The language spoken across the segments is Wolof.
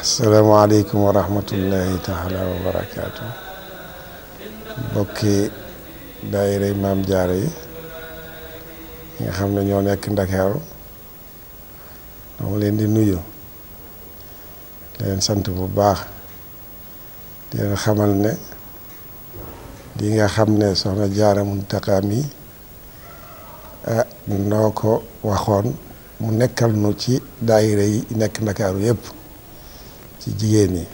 asalaamaaleykum wa rahmatullahi taala wa barakaatu bokki daayira maam jaara yi nga xam na ñoo nekk ndakaaru dama leen di nuyu leen sant bu baax dina xamal ne li nga xam ne soxna Jaara Muntaxa mi ah noo ko waxoon mu nekkal nu ci daayira yi nekk ndakaaru yëpp ci jigéen ñi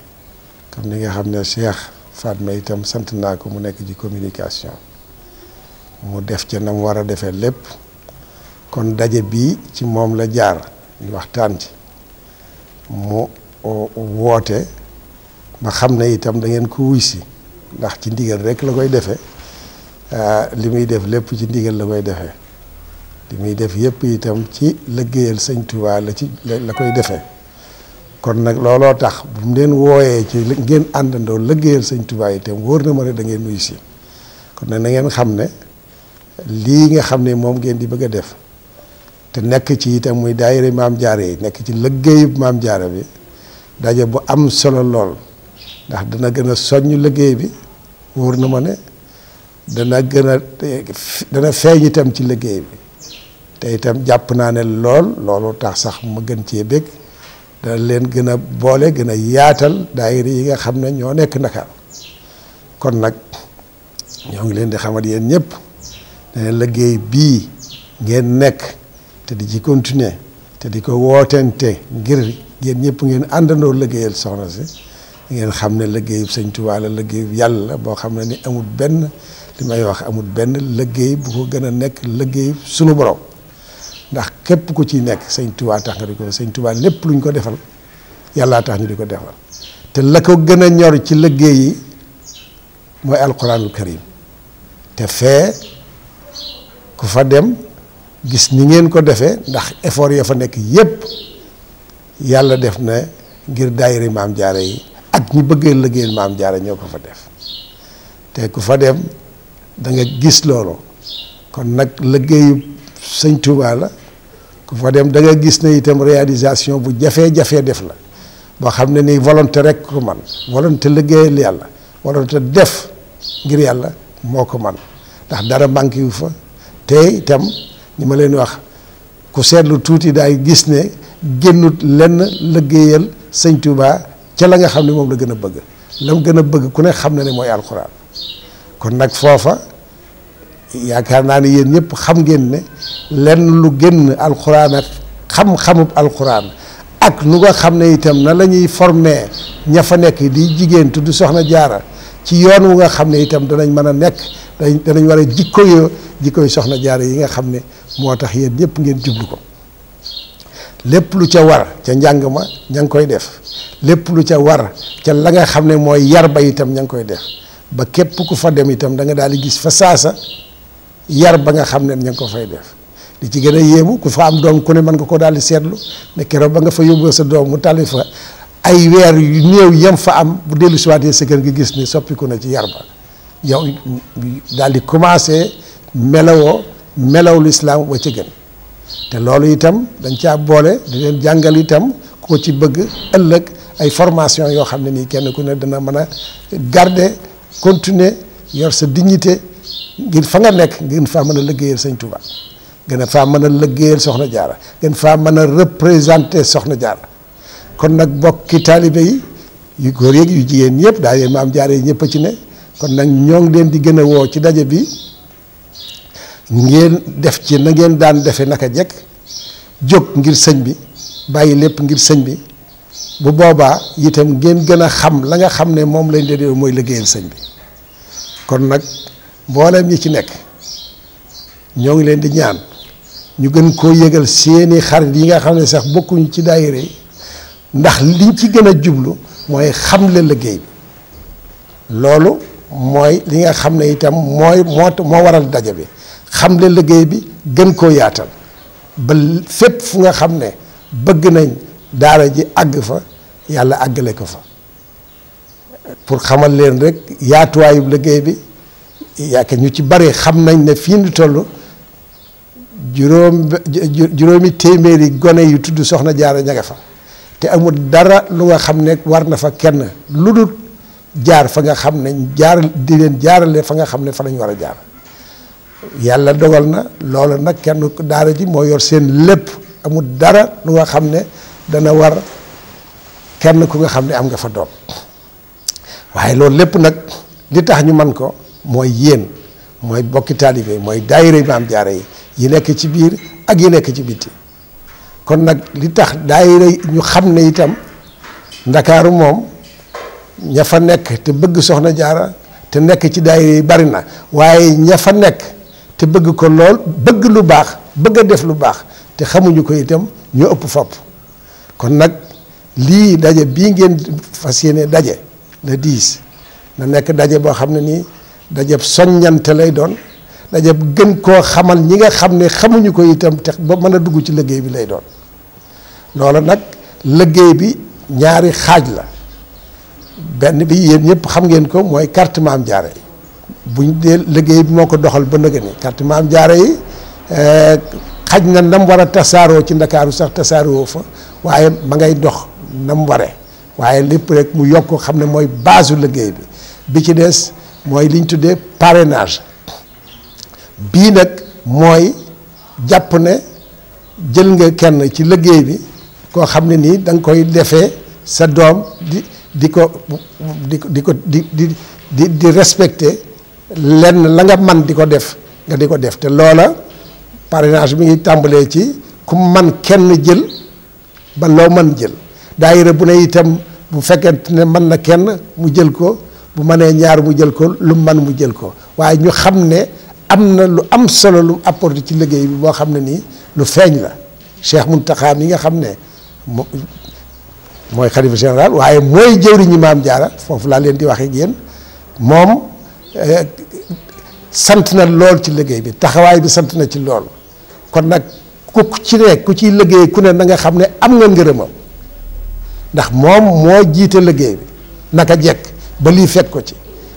comme ni nga xam ne Cheikh Fatma itam sant naa ko mu nekk ci communication mu def ca nam war a defee lépp kon daje bii ci moom la jaar ñu waxtaan ci mu uh, woote ma xam ne itam da ngeen ko wuy si ndax ci ndigal rek la koy defee ah, li muy def lépp ci ndigal la koy defe li muy def yépp itam ci lëggéeyal sëñ Tuubaa la ci la koy defe kon nag looloo tax bu mu leen wooyee ci ngeen àndandoo liggéeyal sëñ Tuubaa itam wóor na ma ne da wuy si kon nag na ngeen xam ne lii nga xam ne moom ngeen di bëgg a def te nekk ci itam muy daayira maam jaare yi nekk ci liggéeyu maam jaare bi daje bu am solo lool ndax dana gën a soññ liggéey bi wóor na ma ne dana gën a dana feeñ itam ci liggéey bi te itam jàpp naa ne lool loolu tax sax ma gën cee bég dana leen gën a boole gën a yaatal daayira yi nga xam ne ñoo nekk Ndakaar kon nag ñoo ngi leen di xamal yéen ñëpp ne liggéey bii ngeen nekk te di ci continuer te di ko wootente ngir yéen ñëpp ngeen àndandoo liggéeyal soxna si ngeen xam ne liggéeyub sëñ Tuubaa la liggéeyub yàlla boo xam ne ni amul benn li may wax amul benn liggéey bu ko gën a nekk liggéeyub sunu borom ndax képp ku ciy nekk sëñ Tuubaa tax nga di ko sëñ Tuubaa lépp luñ ko defal yàllaa tax ñu di ko defal te la ko gën a ñor ci liggéey yi mooy alquranul karim te fee ku fa dem gis ni ngeen ko defee ndax effort ya fa nekk yépp yàlla def na ngir daayiri maam jaare yi ak ñi bëggee liggéeyal maam jaara ñoo ko fa def te ku fa dem danga gis loolu kon nag liggéeyu sëñ Touba la ku fa dem da gis ne itam réalisation bu jafee-jafee def la boo xam ne nii volonté rek ko man volonté liggéeyal yàlla volonté def ngir yàlla moo ko man ndax dara manqué yu fa te itam ñu ma leen wax ku seetlu tuuti daay gis ne génnut lenn liggéeyal sëñ Touba ca la nga xam ne moom la gën a bëgg lam gën a bëgg ku ne xam na ne mooy alxuraan kon nag foofa yaakaar naa ne yéen ñëpp xam ngeen ne lenn lu génn alxuraan ak xam-xamub alxuraan ak nu nga xam ne itam na lañuy ñuy formé ña fa nekk di jigéen tudd soxna jaara ci yoon wu nga xam ne itam danañ mën a nekk danañ danañ war a jikko yoo jikko yu soxna jaara yi nga xam ne moo tax yéen ñëpp ngeen jublu ko lépp lu ca war ca njàng ma ña ngi koy def lépp lu ca war ca la nga xam ne mooy yar ba itam ña ngi koy def ba képp ku fa dem itam da nga daal di gis fa saasa yar ba nga xam ne ña ngi ko fay def di ci gën a yéemu ku fa am doom ku ne mën nga ko daal di seetlu ne keroog ba nga fa yóbboo sa doom mu tali fa ay weer yu néew yem fa am bu dellu si waatee sa gën nga gis ni soppiku na ci yar ba yow daal di commencé melawoo melaw lislaam wa ca gën te loolu itam dañ caa boole di leen jàngal itam ko ci bëgg ëllëg ay formation yoo xam ne nii kenn ku ne dana mën a garde continuer yor sa dignité ngir fa nga nekk ngir faa mën a liggéeyal Sëñ Tuubaa gën a faa mën a liggéeyal Soxna Jaara gën faa mën a représenter Soxna Jaara kon nag bokki taalibe yi yu góor yeeg yu jigéen ñëpp daa yéen maam jaare yi ñëpp a ci ne kon nag ñoo ngi leen di gën a woo ci daje bi ngeen def ci na ngeen daan defee naka jekk jóg ngir sëñ bi bàyyi lépp ngir sëñ bi bu boobaa itam ngeen gën a xam la nga xam ne moom lañ leen mooy liggéeyal sëñ bi kon nag mboolem ñi ci nekk ñoo ngi leen di ñaan ñu gën koo yëgal seeni xarit yi nga xam ne sax bokkuñ ci daayira yi ndax liñ ci gën a jublu mooy xam le liggéey bi loolu mooy li nga xam ne itam mooy moo moo waral daje bi xam le liggéey bi gën koo yaatal ba fépp fu nga xam ne bëgg nañ daara ji àgg fa yàlla àggale ko fa pour xamal leen rek yaatuwaayub liggéey bi yaakaar ñu ci bari xam nañ ne fii ñu toll juróom juróomi téeméeri gone yu tudd soxna jaar ña nga fa te amul dara lu nga xam ne war na fa kenn lu dul jaar fa nga xam ne jaar di leen jaarale fa nga xam ne fa lañ war a jaar yàlla dogal na loolu nag kenn daara ji moo yor seen lépp amul dara lu nga xam ne dana war kenn ku nga xam ne am nga fa doom waaye loolu lépp nag li tax ñu man ko mooy yéen mooy bokki taalibe mooy daayira maam jaara yi yi nekk ci biir ak yi nekk ci bitti kon nag li tax daayira ñu xam ne itam ndakaaru moom ña fa nekk te bëgg soxna jaara te nekk ci daayira yi bari na waaye ña fa nekk te bëgg ko lool bëgg lu baax bëgg def lu baax te xamuñu ko itam ñoo ëpp fopp kon nag lii daje bii ngeen fas yéene daje le diis na nekk daje boo xam ne nii dajeb soññante lay doon daje bu gën koo xamal ñi nga xam ne xamuñu ko itam te ba mën a dugg ci liggéey bi lay doon loolu nag liggéey bi ñaari xaaj la benn bi yéen ñëpp xam ngeen ko mooy carte Maam Jaara buñ dee liggéey bi moo ko doxal ba nëgë ni carte maam jaare yi eh, xaj na nam war a tasaaroo ci ndakaaru sax tasaaroo fa waaye ma ngay dox nam ware waaye lépp rek mu yokk xam ne mooy base liggéey bi bi ci des mooy liñ tuddee parrainage bii nag mooy jàpp ne jël nga kenn ci liggéey bi koo xam ne nii da nga koy defee sa doom di di ko di ko di di di di respecté lenn la man di ko def nga di ko def te loola parrainage bi ngi tàmbalee ci ku man kenn jël ba loo man jël daayira bu ne itam bu fekkente ne man na kenn mu jël ko bu mënee ñaar mu jël ko lu man mu jël ko waaye ñu xam ne am na lu am solo lu apporté ci liggéey bi boo xam ne nii lu feeñ la Cheikh Mountakha mi nga xam ne mooy xalifa général waaye mooy jëwriñu maam jaara foofu laa leen di wax ak moom sant na lool ci liggéey bi taxawaay bi sant na ci lool kon nag ku ci ne ku ciy liggéey ku ne na nga xam ne am nga ngërëmam ndax moom moo jiite liggéey bi naka jekk ba lii fekk ko ci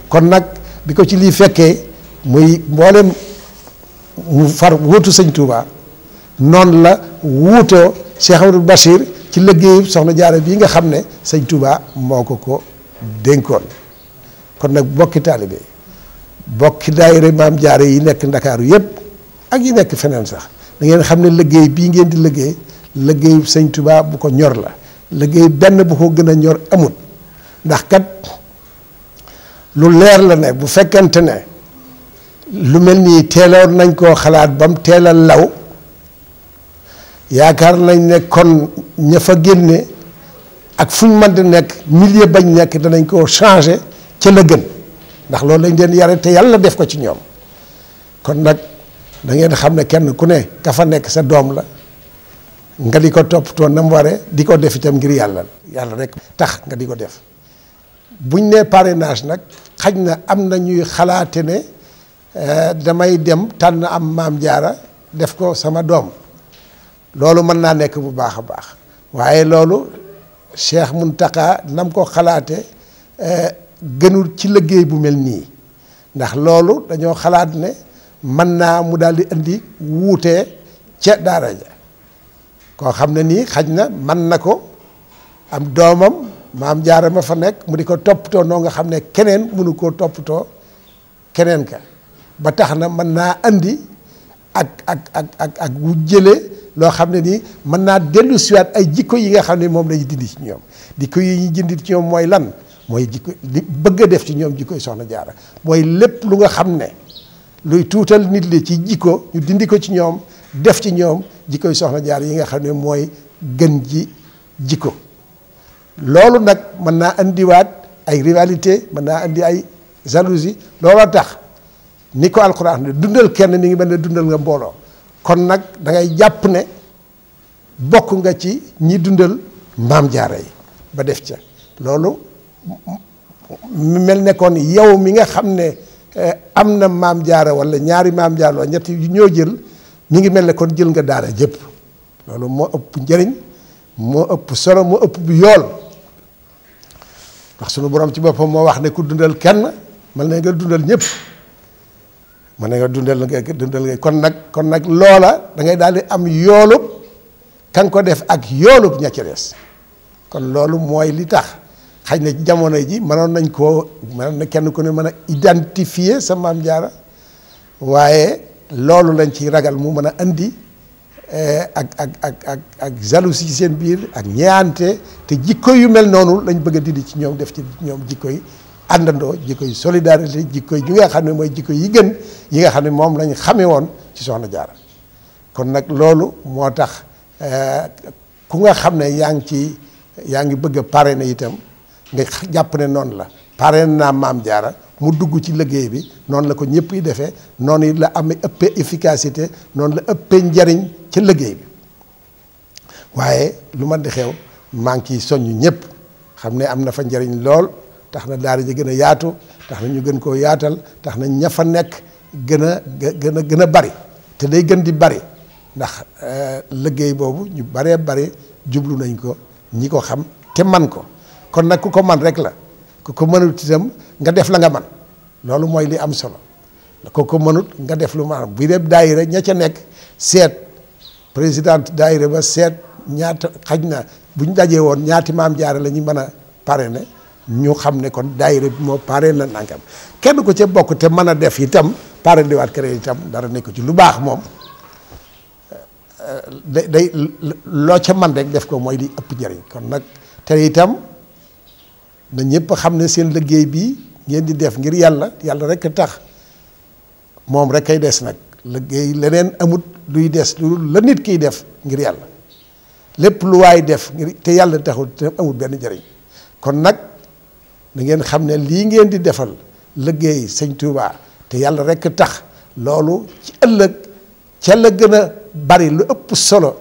kon nag bi ko ci lii fekkee muy mboolem mu far wuutu sëñ Touba noonu la wuutoo Cheikh Amadou Bachir ci liggéey soxna jaaro bii nga xam ne sëñ Touba moo ko ko dénkoon kon nag bokki taalibe bokki daayira maam jaare yi nekk ndakaaru yépp ak yi nekk feneen sax da xam ne liggéey bii ngeen di liggéey liggéey sëñ tubaab bu ko ñor la liggéey benn bu ko gën a ñor amut ndax kat lu leer la ne bu fekkante ne lu mel nii teeloon nañ koo xalaat ba mu teelal law yaakaar nañ ne kon ña fa génne ak fu ñu mën di nekk milieu bañ nekk danañ koo changé ca la gën ndax loolu lañ leen yare te yàlla def ko ci ñoom kon nag da ngeen xam ne kenn ku ne kafa nekk sa doom la nga di ko toppatoo na mu waree di ko def itam ngir yàlla yàlla rek tax nga di ko def buñ nee parrainage nag xaj na am na ñuy xalaate ne eh, damay dem tànn am maam jaara def ko sama doom loolu mën naa nekk bu baax a baax waaye loolu Cheikh Mountakha nam ko xalaate eh, gënul ci liggéey bu mel nii ndax loolu dañoo xalaat ne mën naa mu daal di indi wuutee ca daara koo xam ne nii xaj na mën na ko am doomam maam jaara ma fa nekk mu di ko toppatoo noo nga xam ne keneen mënu koo toppatoo keneen ka ba tax na mën naa andi ak ak ak ak ak wu jëlee loo xam ne nii mën naa dellu siwaat ay jikko yi nga xam ne moom lañu dindi ci ñoom dikko yi ñu dindi ci ñoom mooy lan mooy jikko bëgg a def ci ñoom jikko yi soxna jaara mooy lépp lu nga xam ne luy tuutal nit li ci jikko dindi ko ci ñoom def ci ñoom jikko yi soxna jaara yi nga xam ne mooy gën ji jikko loolu nag mën naa indiwaat ay rivalité mën naa indi ay jalousie looloo tax ni ko alxuraan ne dundal kenn mi ngi mel ne dundal nga mbooloo kon nag dangay jàpp ne bokk nga ci ñi dundal maam jaara yi ba def ca loolu mel ne kon yow mi nga xam ne eh, am na maam jaara wala ñaari maam jaara wala ñetti ñoo jël mi ngi mel ne kon jël nga daara jépp loolu moo ëpp njëriñ moo ëpp solo moo ëpp bu yool ndax sunu borom ci boppam moo wax ne ku dundal kenn mel ne nga dundal ñëpp. ma ne nga dundal ngay dundal ngay kon nag kon nag loola dangay daal di am yoolub ka ko def ak yoolub ña des kon loolu mooy li tax xaj na jamono ji mënoon nañ koo mënoon na kenn ku ne mën a identifier sa maam jaara waaye loolu lañ ci ragal mu mën a andi eh, ak ak ak ak ak jalousie ci seen biir ak ñeante te jikko yu mel noonu lañ bëgg a dindi ci ñoom def ci ñoom jikko yi àndandoo jikkoy solidarité jikkoy yi nga xam ne mooy jikko yi gën yi nga xam ne moom lañ xamee woon ci soxna jaara kon nag loolu moo tax eh, ku nga xam ne yaa ngi ci yaa ngi bëgg a na itam nga jàpp ne noonu la parrainé naa maam jaara mu dugg ci liggéey bi noonu la ko ñëpp yi defee noonu la amee ëppee efficacité noonu la ëppee njariñ ci liggéey bi waaye lu ma di xew maa ngi ciy soññ ñëpp xam ne am na fa njariñ lool tax na daara ji gën a yaatu tax na ñu gën koo yaatal tax na ña fa nekk gën a gën a gën a bari te day gën di bari ndax euh, liggéey boobu ñu baree bari jublu nañ ko ñi ko xam te man ko kon nag ku ko man rek la ku ko mënut itam nga def la nga man loolu mooy li am solo ku ko mënut nga def lu maanaam bu dee daayira ña ca nekk seet présidente daayira ba seet ñaata xaj na bu ñu dajee woon ñaati maam jaare la ñu mën a pare parrainer ñu xam ne kon daayira bi moo pare la nangam kenn ko ca bokk te mën a def itam pare di waat créé itam dara nekk ci lu baax moom eh, eh, day day loo ca man rek def ko mooy di ëpp jariñ kon nag te itam na ñëpp xam ne seen liggéey bi ngeen di def ngir yàlla yàlla rek tax moom rek kay des nag liggéey leneen amut luy des lu la nit kiy def ngir yàlla lépp lu waay def ngir te yàlla taxul te amut benn njëriñ kon nag. da ngeen xam ne lii ngeen di defal liggéey sëñ Touba te yàlla rekk tax loolu ci ëllëg ca la gën a bari lu ëpp solo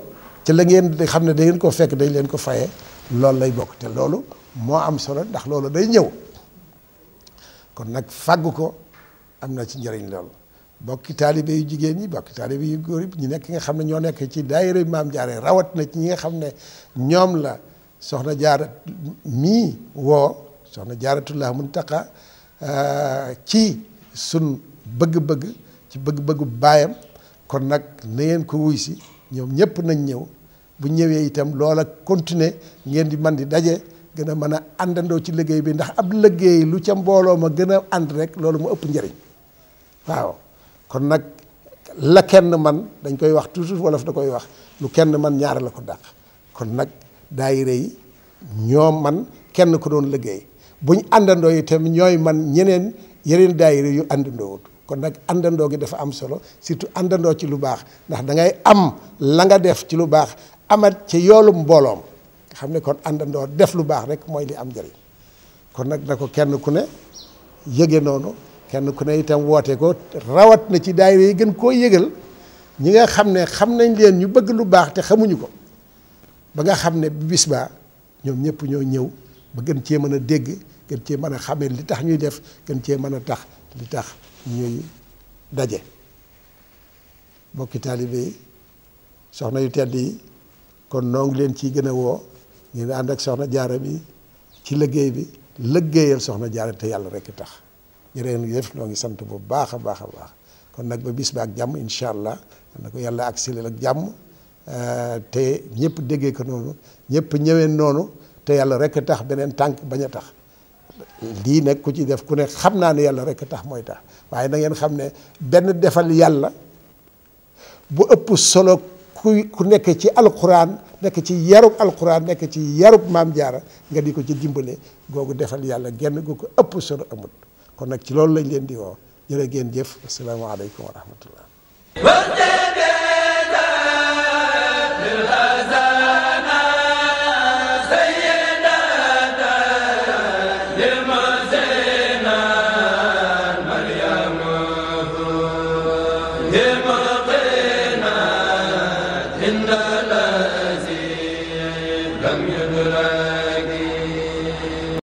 ci la ngeen di xam ne da ngeen ko fekk dañ leen ko faye lool lay bokk te loolu moo am solo ndax loolu day ñëw kon nag fàggu ko am na ci njëriñ loolu bokki taalibe yu jigéen ñi bokki taalibe yu góor yi ñu nekk nga xam ne ñoo nekk ci daayira maam rawat na ci ñi nga xam ne ñoom la soxna jaar mii woo soxna Jaaratullah Muntaqa euh, ci suñ bëgg-bëgg ci bëgg-bëggu baayam kon nag na ngeen ko wuy si ñoom ñëpp nañ ñëw bu ñëwee itam loola continuer ngeen di man di daje gën a mën a àndandoo ci liggéey bi ndax ab liggéey lu ca mbooloo ma gën a ànd rek loolu mu ëpp njariñ waaw kon nag la kenn man dañ koy wax toujours wolof da koy wax lu kenn man ñaar la ko dàq kon nag daay rëy ñoo man kenn ko doon liggéey buñ àndandoo yi itam ñooy man ñeneen yeneen daayira yu àndandoowut kon nag àndandoo gi dafa am solo surtout àndandoo ci lu baax ndax da ngay am la nga def ci lu baax amat ci yoolum mbooloom nga xam ne kon àndandoo def lu baax rek mooy li am njëriñ kon nag na ko kenn ku ne yëge noonu kenn ku ne itam woote ko rawat na ci daayira yi gën koo yëgal ñi nga xam ne xam nañ leen ñu bëgg lu baax te xamuñu ko ba nga xam ne bis baa ñoom ñëpp ñoo ñëw ba gën cee mën a dégg gën cee mën a xamee li tax ñuy def gën cee mën a tax li tax ñuy daje mbokki taalibe yi soxna yu tedd yi kon noo leen ciy gën a woo ngeen ànd ak soxna jaara bi ci liggéey bi liggéeyal soxna jaara te yàlla rekk tax jërëjëf def noo ngi sant bu baax a baax a baax kon nag ba bis ba ak jàmm incha allah na yàlla ak sileel ak jàmm eh, te ñëpp déggee ko noonu ñëpp ñëwee noonu te yàlla rek tax beneen tànk bañ a tax lii nag ku ci def ku nekk xam naa ne yàlla rek tax mooy tax waaye na ngeen xam ne benn defal yàlla bu ëpp solo ku ku nekk ci alquran nekk ci yarub alquran nekk ci yarub maam jaara nga di ko ci dimbale googu defal yàlla genn gu ko ëpp solo amut kon nag ci loolu lañ leen di woo jërë ngeen jëf asalaamaaleykum wa rahmatullah